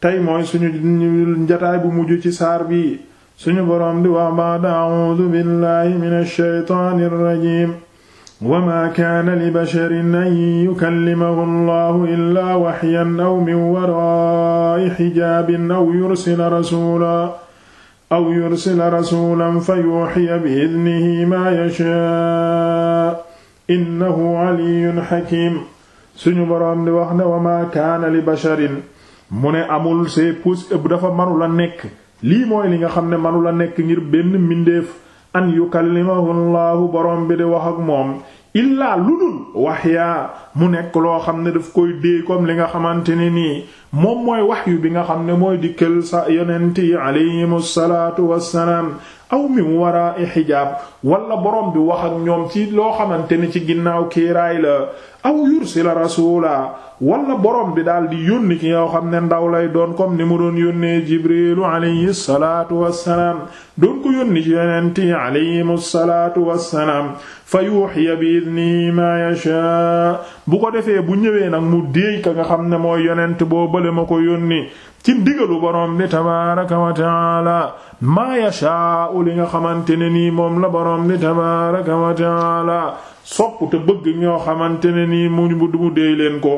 tey mooy suñu njataay bu mujj ci saar bi suñu boroom di wax ba'da a'uudu billahi minash shaytaanir rajiim wa maa kaana li basharin an yukallimahu allahu illaa waxyan aw min waraa'i xijaabin aw yursila rasuula aw yursila rasuulan fa yuuxiya bi-idnihi maa yashaa innahu aliyyun xakiim suñu boroom di wax ne wa maa kaana li basharin mu ne amul c'est possible dafa manu la nekk lii mooy li nga xam ne manu la nekk ngir benn mbindeef an yukallimahu llaahu borom bi di wax ak moom illaa lu dul waxyaa mu nekk loo xam ne daf koy dee comme li nga xamante ne nii moom mooy waxyu bi nga xam ne mooy dikkal sa yonent yi alayhimu salaatu wassalaam aw min waraa'i xijaab wala borom bi wax ak ñoom ci loo xamante ni ci ginnaaw kiiraay la aw yursila rasuula wala borom bi daal di yónni ki nga xam ne ndaw lay doon comme ni mu doon yónnee jibrilu alayhi salaatu wassalaam doon ko yónni ci yonent yi alayhimu salaatu wassalaam fa yuuxiya bi idnihi maa yashaa bu ko defee bu ñëwee nag mu déey ka nga xam ne mooy yonent boobu moomale ma ko yónni ci digalu borom bi tabaaraka wa taala maa yashaa'u li nga xamante ne nii moom la borom bi tabaaraka wa taala sopp te bëgg ñoo xamante ne nii mu mu déy leen ko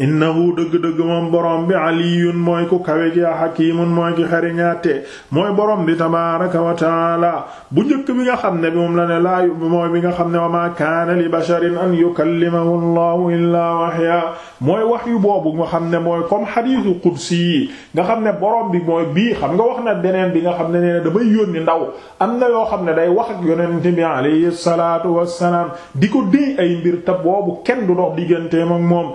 innahu dëgg-dëgg moom borom bi aliyun mooy ku kawe ji hakimun mooy ki xariñaate mooy borom bi tabaraka wa taala bu njëkk bi nga xam ne bi moom la ne laayu mooy bi nga xam ne wa maa kaana li basharin an yukallimahu allahu illaa wahya mooy wax yu boobu nga xam ne mooy comme xadiisu qudsi yi nga xam ne borom bi mooy bii xam nga wax na beneen bi nga xam ne nee na damay yónni ndaw am na yoo xam ne day wax ak yonent bi alayhi salaatu wassalaam di ko déy ay mbir te kenn du dox digganteem ak moom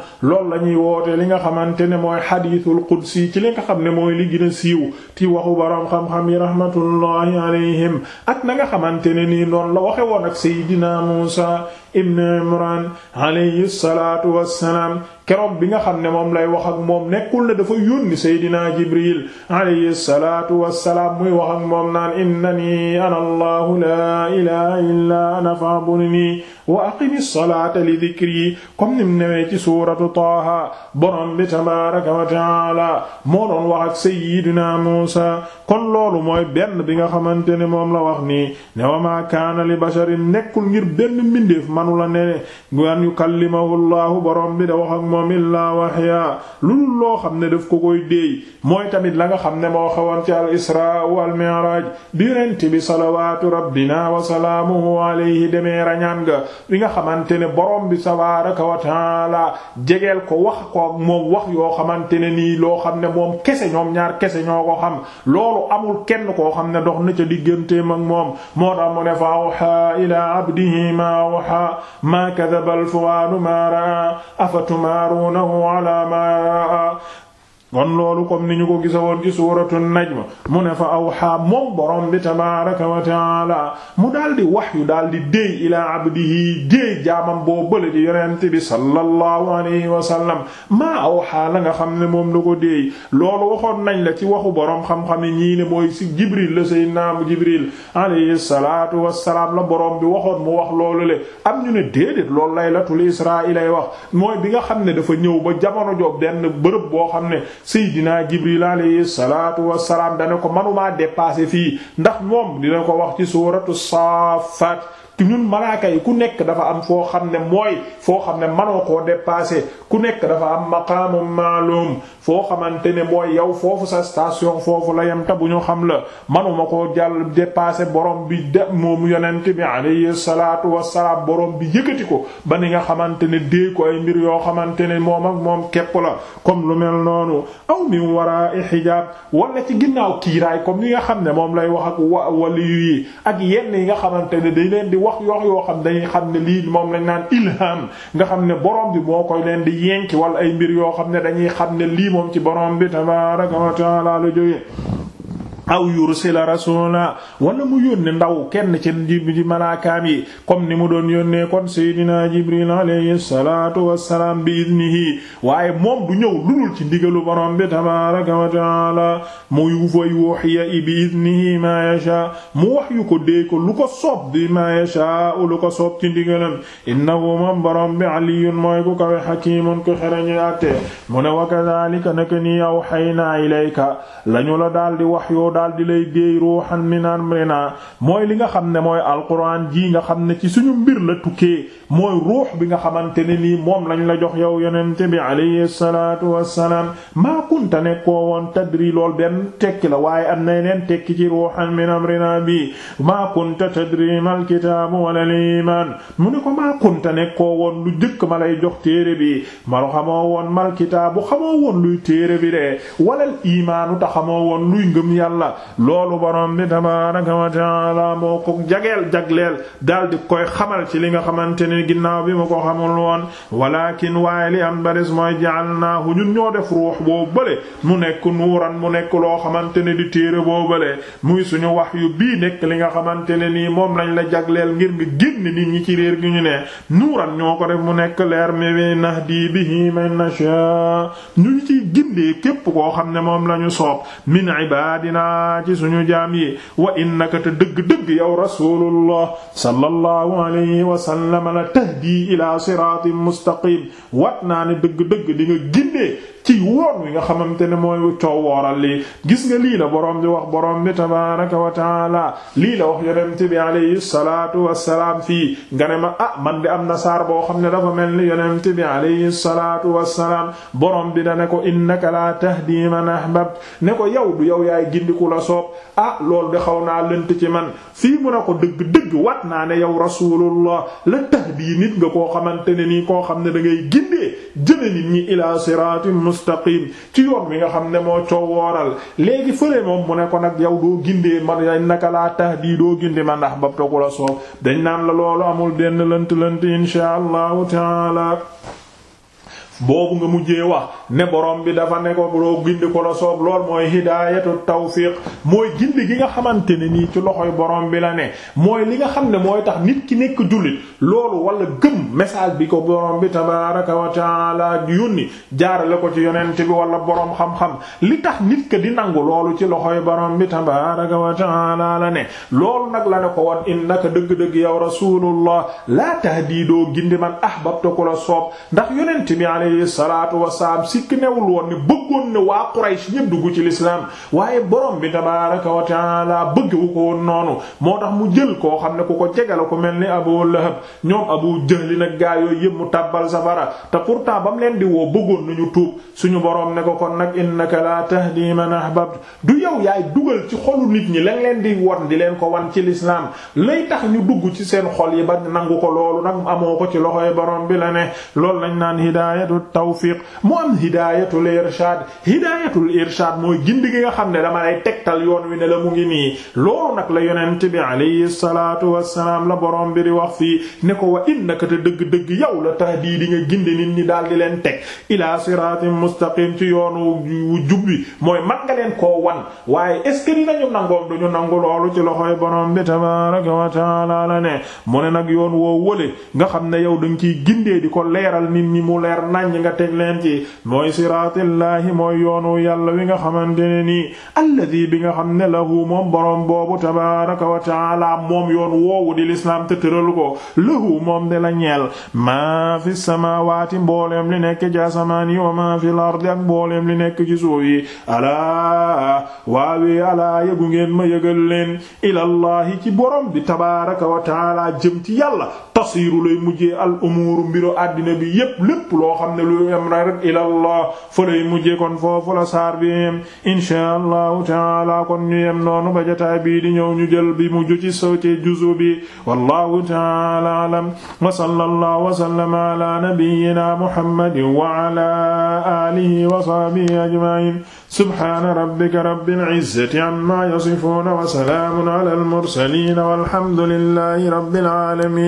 ñuy woote li nga xamante ne mooy xadiisul qudsi ci li nga xam ne mooy li gën a siiw ci waxu boroom xam-xam yi rahmatullahi alayhim ak na nga xamante ne ni noonu la waxe woon ak Seydina Muusa ibn imran alayhi salaatu wassalaam keroog bi nga xam ne moom lay wax ak moom nekkul ne dafa yónni seydina jibril alayhi salaatu wassalaam muy wax ak moom naan innani ana allahu laa ilaha illaa ana fa'budni wa aqimi salaata li dhikri comme nim newee ci suuratu taaha borom bi tabaaraka wa taala moo doon wax ak seydina muusa kon loolu mooy benn bi nga xamante ne moom la wax nii ne wa maa kaana li basharin nekkul ngir benn mbindeef man manu la ne an yukallimahu llaahu borom bi da wax ak moom illaa waxya lulul loo xam ne daf ko koy déey mooy tamit la nga xam ne moo xawoon ci al isra wal mi'raj bi yonent bi salawaatu rabbina wa salaamuhu alayhi demee rañaan ga bi nga xamante ne borom bi tabaaraka wa taala jegeel ko wax ko ak moom wax yoo xamante ne nii loo xam ne moom kese ñoom ñaar kese ñoo ko xam loolu amul kenn koo xam ne dox na ca digganteem ak moom moo tax mu ne fa awhaa ilaa raa maa kadaba alfuaadu maa raa afa tumaaruunahu alaa maa raa kon loolu comme ni ñu ko gisa woon ci suuratu najm mu ne fa awxaa moom borom bi tabaaraka wa taala mu daal di wax yu daal di déy ilaa abdihi déy jaamam boo bële ci yonent bi sallallahu alayhi wa sallam maa awxaa nga xam ne moom la ko déy loolu waxoon nañ la ci waxu borom xam-xam yi mooy si jibril la sayyidina jibril alayhi salaatu wassalaam la borom bi waxoon mu wax loolu le am ñu ne mooy bi nga xam ne dafa ñëw ba jamono joob benn bërëb boo xam ne Seydina Jibril alayhi salaatu wassalaam dana ko manumaa dépasser fii ndax moom dina ko wax ci suuratu Saafaat ñun malaaka yi ku nekk dafa am foo xam ne mooy foo xam ne manoo koo dépasser ku nekk dafa am maqaamu maalum foo xamante ne mooy yow foofu sa station foofu la yem bu ñu xam la manuma koo jàll dépasser borom bi de moom bi alayhi salaatu wassalaam borom bi yëkkati ko ba ni nga xamante ne déey ko mbir yoo xamante ne moom ak moom képp la comme lu mel noonu aw min ci ginnaaw kiiraay comme ni nga xam ne moom lay wax ak wa waliyu yi ak yenn yi nga xamante ne day leen di wax yox yoo xam dañuy xam ne lii moom lañ naan ilham nga xam ne borom bi moo koy leen di yenki wala ay mbir yoo xam ne dañuy xam ne lii moom ci borom bi tabaaraka wa ta'aala la jógee aw yursila rasula wala mu yónne ndaw kenn ci ji malaakaam yi comme ni mu doon yónnee kon seydina jibril alayhi salatu wassalaam bi idnihi waaye moom du ñëw lulul ci ndigalu borom bi tabaraka wa taala mu yufay wahya bi idnihi ma yasha mu wax yu ko dee ko lu ko soob bi ma yasha lu ko soob ci ndigalam innahu moom borom bi aliyun mooy ku kawe hakimun ko xerañu àtte mu ne wa kadhalika nak ni awhayna ilayka lañu la daldi wax yo daal di lay déey ruuxan min amrina mooy li nga xam ne mooy alquran ji nga xam ne ci suñu mbir la tukkee mooy ruux bi nga xamante ne nii moom lañ la jox yow yonente bi alayhi salaatu wassalaam maa kunta nekkoo woon tadri lool benn tekki la waaye am na yeneen tekki ci ruuxan min amrina bi maa kunta tadri mal kitaabu wala liimaan mu ne ko maa kunta nekkoo woon lu jëkk ma lay jox téere bi malo xamoo woon mal kitaabu xamoo woon luy téere bi de walal la loolu borom bi tabaaraka wa ta'aala moo ko jageel jagleel daal di koy xamal ci li nga xamante ne ginnaaw bi mu ko xamul woon walakin waaye li am baris mooy ja'alnaahu ñun ñoo def ruux boo bële mu nekk nuuran mu nekk loo xamante ne di téere boo bële muy suñu wax yu bii nekk li nga xamante ne nii moom lañ la jagleel ngir nga génn nit ñi ci réer gi ñu ne nuuran ñoo ko def mu nekk leer mi nahdi bihi man nasha ñu ci gindee képp koo xam ne moom lañu naa ci suñu jaam yi wa innaka te dëgg-dëgg yow rasulullah sallallahu alayhi wa sallam la tahdi ila siratin mustaqim wat naa ne dëgg-dëgg di nga gindee ci woon wi nga xamante ne mooy coow wooral lii gis nga lii la borom bi wax borom bi tabaaraka wa taala lii la wax yonent bi alayhi salaatu wassalaam fii nga ne ma ah man di am na saar boo xam ne dafa mel ni yonent bi alayhi wa wassalaam boroom bi da ne ko innaka laa tahdi man ahbabta ne ko yow du yow yaay ku la soob ah loolu di xaw naa lënt ci man fii mu ne ko dëgg-dëgg wat naa ne yow rasulullah la tahdi nit nga koo xamante ne nii koo xam ne da gindi jëme nit ñi ila siratim mustaqim ci yoon wi nga xam ne moo coow wooral léegi fële moom mu ne ko nag yow doo gindee man dañ naka laa tahdi doo gindi ma ndax ba togu la soof dañ naan la loolu amul benn lënt lënt insha allahu taala boobu nga mujjee wax ne borom bi dafa ne ko loo gindi ko la soob lool mooy hidaayatu tawfiq mooy gindi gi nga xamante ne nii ci loxoy borom bi la ne mooy li nga xam ne mooy tax nit ki nekk jullit loolu wala gëm message bi ko borom bi tabaaraka wa taala yónni jaarale ko ci yonent bi wala borom xam-xam li tax nit ki di nangu loolu ci loxoy borom bi tabaaraka wa taala la ne loolu nag la ne ko won innaka dëgg-dëgg yow rasulullah laa tahdiidoo gindi man ahbabta ko la soob ndax alayhi salaatu wasalaam sikk newul woon ne bëggoon ne waa Quraysh ñépp dugg ci lislaam waaye borom bi tabaaraka wa taala bëggewu ko woon noonu moo tax mu jël koo xam ne ku ko jegala ku mel ni Abu Lahab ñoom Abu Jahl nag gaa yooyu yépp mu tàbbal safara te pourtant ba mu leen di woo bëggoon nañu tuub suñu borom ne ko kon nag innaka la tahdi man ahbabta du yow yaay dugal ci xolu nit ñi lañ leen di won di leen ko wan ci lislaam lay tax ñu dugg ci seen xol yi ba nangu ko loolu nag amoo ci loxoy hidaayatu tawfiq mu am hidaayatul irshaad hidaayatul irshaad mooy gindi gi nga xam ne dama lay tegtal yoon wi ne la mu ngi nii loo nag la yonent bi alayhi salaatu wassalaam la borom bi di wax fii ne ko wa innaka te dëgg-dëgg yow la tahdi di nga gindi nit ñi daal di leen teg ilaa siraatin mustaqim ci yoonu wu jub bi mooy man nga leen koo wan waaye est ce que dinañu nangoom duñu nangu loolu ci loxoy borom bi tabaaraka wa taala la ne mu ne nag yoon woo wële nga xam ne yow dañ ciy gindee di ŋàññ nga teg leen ci mooy siraatillaahi mooy yoonu yàlla wi nga xamante ne nii alladi bi nga xam ne lahu moom boroom boobu tabaaraka wa taala moom yoon woowu di lislaam te tëral ko lahu moom de la ñeel maa fi samaawaati mbooleem li nekk ci asamaan yi wa maa fi lardi ak mbooleem li nekk ci suuf yi alaa waawee alaa yëgu ngeen ma yëgal leen ilallaahi ci boroom bi tabaaraka wa taala jëm ci yàlla masiiru lay mujjee al umuuru mbiru àddina bi yépp lépp loo xam ne lu yem rek ilallah fa lay mujjee kon foofu la saar bi yem inshaa allahu taala kon ñu yem noonu ba jotaay bii di ñëw ñu jël bi mujj ci saw ci juzu bi wallahu taala alam wa sallallahu wa sallama ala nabiyyina muhammadin wa ala alihi wa sahbihi ajma'in subhana rabbika rabbil izzati amma yasifun wa salamun ala al mursalin walhamdulillahi rabbil alamin